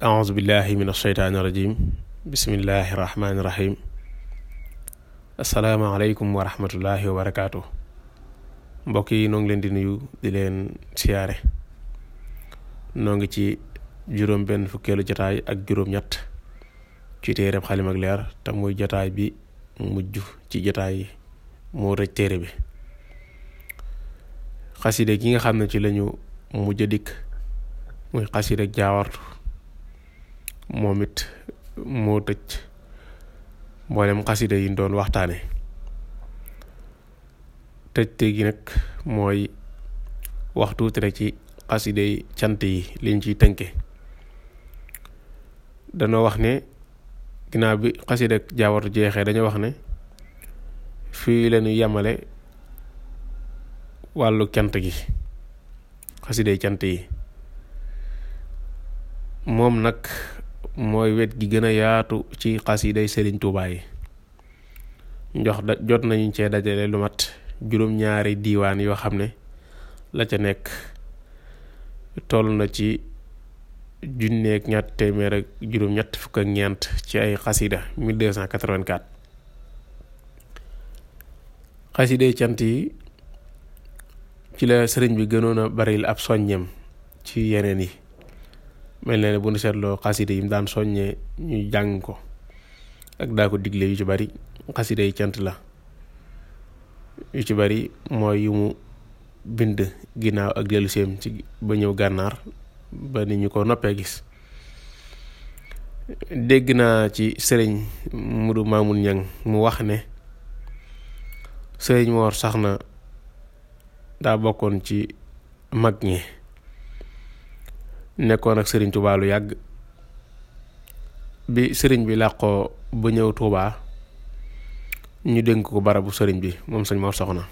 auzu billahi min asheytaani irajim bismillahi irahmani irahim asalaamaaleykum wa rahmatullahi wa barakaatu mbokk yi noo ngi leen di nuyu di leen siyaare noo ngi ci juróom benn fukkeelu jataay ak juróom-ñett ci téereb xalimag leer te muy jataay bi mujj ci jataay yi moo téere bi xaside gi nga xam ne ci lañu mujj a dikk muy xaside jaawartu moom it moo tëj mboolem xasida yi doon waxtaane tëj te gi nag mooy wax tuuti rek ci xasida cant yi liñ ci tënke dañoo wax ne ginnaaw bi xasida ak jeexee dañoo wax ne fii lañu yemale wàllu cant gi xasida cant yi moom nag mooy wet gi gën a yaatu ci xasiiday Sëriñ Tuubaa yi jox da jot nañu cee dajale lu mat juróom-ñaari diiwaan yoo xam ne la ca nekk toll na ci junneeg ñett téeméer ak juróom-ñett fukk ñeent ci ay xasida 1284 cant yi ci la sëriñ bi gënoona baril ab soññeem ci yeneen yi mel na ne bu nu seetloo xasida yi mu daan soññee ñu jàng ko ak daa ko digle yu ci bari xasida yi cant la yu ci bari mooy yu mu bind ginnaaw ak dellu seem ci ba ñëw gànnaar ba ni ñu ko noppee gis dégg naa ci sëriñ Mudu Maamun Ñang mu wax ne sëriñ Moor sax na daa bokkoon ci mag ñi nekkoon ak sëriñ Tuubaa lu yàgg bi sëriñ bi làqoo ba ñëw Tuubaa ñu dénk ko barabu sëriñ bi moom sëñ Mor Soxna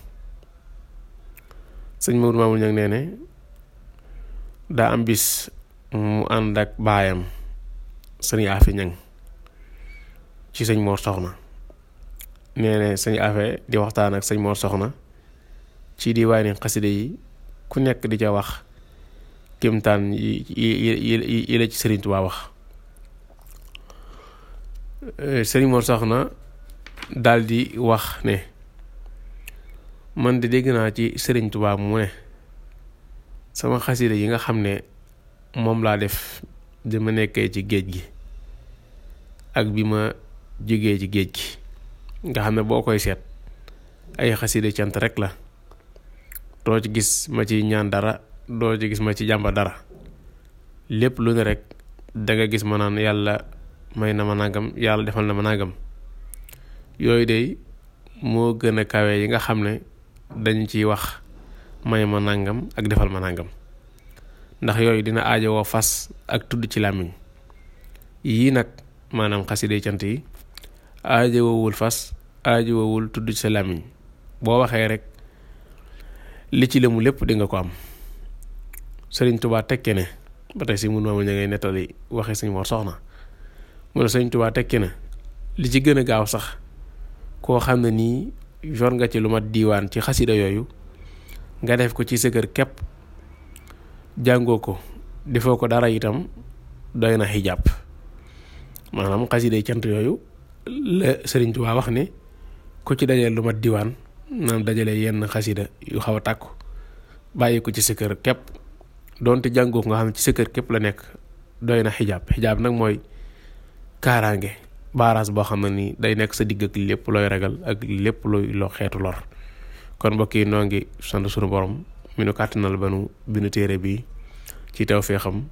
sëñ Mor Mamoul Niang nee ne daa am bis mu ànd ak baayam sëñ Afe Niang ci sëñ Mor Soxna nee ne sëñ Afe di waxtaan ak sëñ Mor Soxna ci diwaani xaside yi ku nekk di ca wax kéemtaan yi yi yi la ci Sëriñ Tuubaa wax euh, Sëriñ Mor Soxna wax ne man de dégg naa ci Sëriñ Tuubaa mu sama xasida yi nga xam ne moom laa def bi ma nekkee ci géej gi ak bi ma jógee ci géej gi nga xam ne boo koy seet ay xasida cant rek la doo gis ma ci ñaan dara doo ci gis ma ci jàmba dara lépp lu ne rek danga gis ma naan yàlla may na ma nangam yàlla defal na ma nangam yooyu de moo gën a kawe yi nga xam ne dañ ciy wax may ma nangam ak defal ma nangam ndax yooyu dina aajowoo fas ak tudd ci làmmiñ yii nag maanaam xasida cant yi aajowoowul fas aajowoowul tudd ci làmmiñ boo waxee rek li ci lëmu lépp di nga ko am sëriñ tubaa tekki na ba tey si mun moomu ña ngay nettali waxee suñu mor soxna mu ne sëriñ tubaa tekki na li ci gën a gaaw sax koo xam ne nii yor nga ci lu mat diwaan ci xasida yooyu nga def ko ci sa kër képp jàngoo ko defoo ko dara itam doy na xijaab maanaam xasida cant yooyu la sëriñ tubaa wax ne ku ci dajale lu ma diwaan naan dajale yenn xasida yu xaw a tàkku bàyyi ko ci sa kër képp doonte jàngoof nga xam ne ci sa kër képp la nekk doy na xijaab xijaab nag mooy kaaraange baaraas boo xam ne ni day nekk sa digg ak lépp looy ragal ak lépp looy loo xeetu lor kon mbokk yi noo ngi sant suñu borom mi nu kàttanal ba binu téere bi ci taw fee xam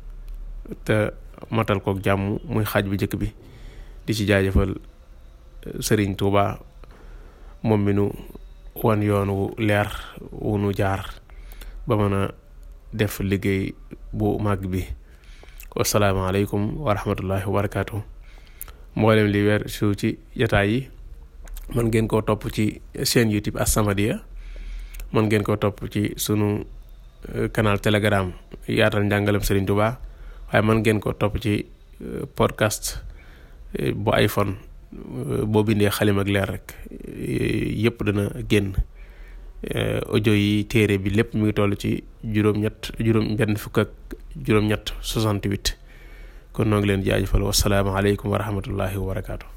kook jàmm muy xaaj bu njëkk bi di ci jaajëfal eh, sëriñ Touba moom mi nu wan yoon wu leer wu nu jaar ba mën a def liggéey bu mag bi wasalaamaaleykum wa rahmatullahi wa barakaatu mboolem li weer su ci jataay yi mën ngeen koo topp ci chaîne youtube As-Samadiyya mën ngeen koo topp ci sunu euh, canal telegram yaatal njàngalem Serigne Touba waaye man ngeen koo topp ci euh, podcast euh, bu iPhone boo bindee xalim leer rek yëpp dana génn audio yi téere bi lépp mu ngi toll ci juróom-ñett juróom benn fukk ak juróom-ñett 68 kon noo ngi leen jaajëfal wasalaamaaleykum wa rahmatullahi wa barakaatu.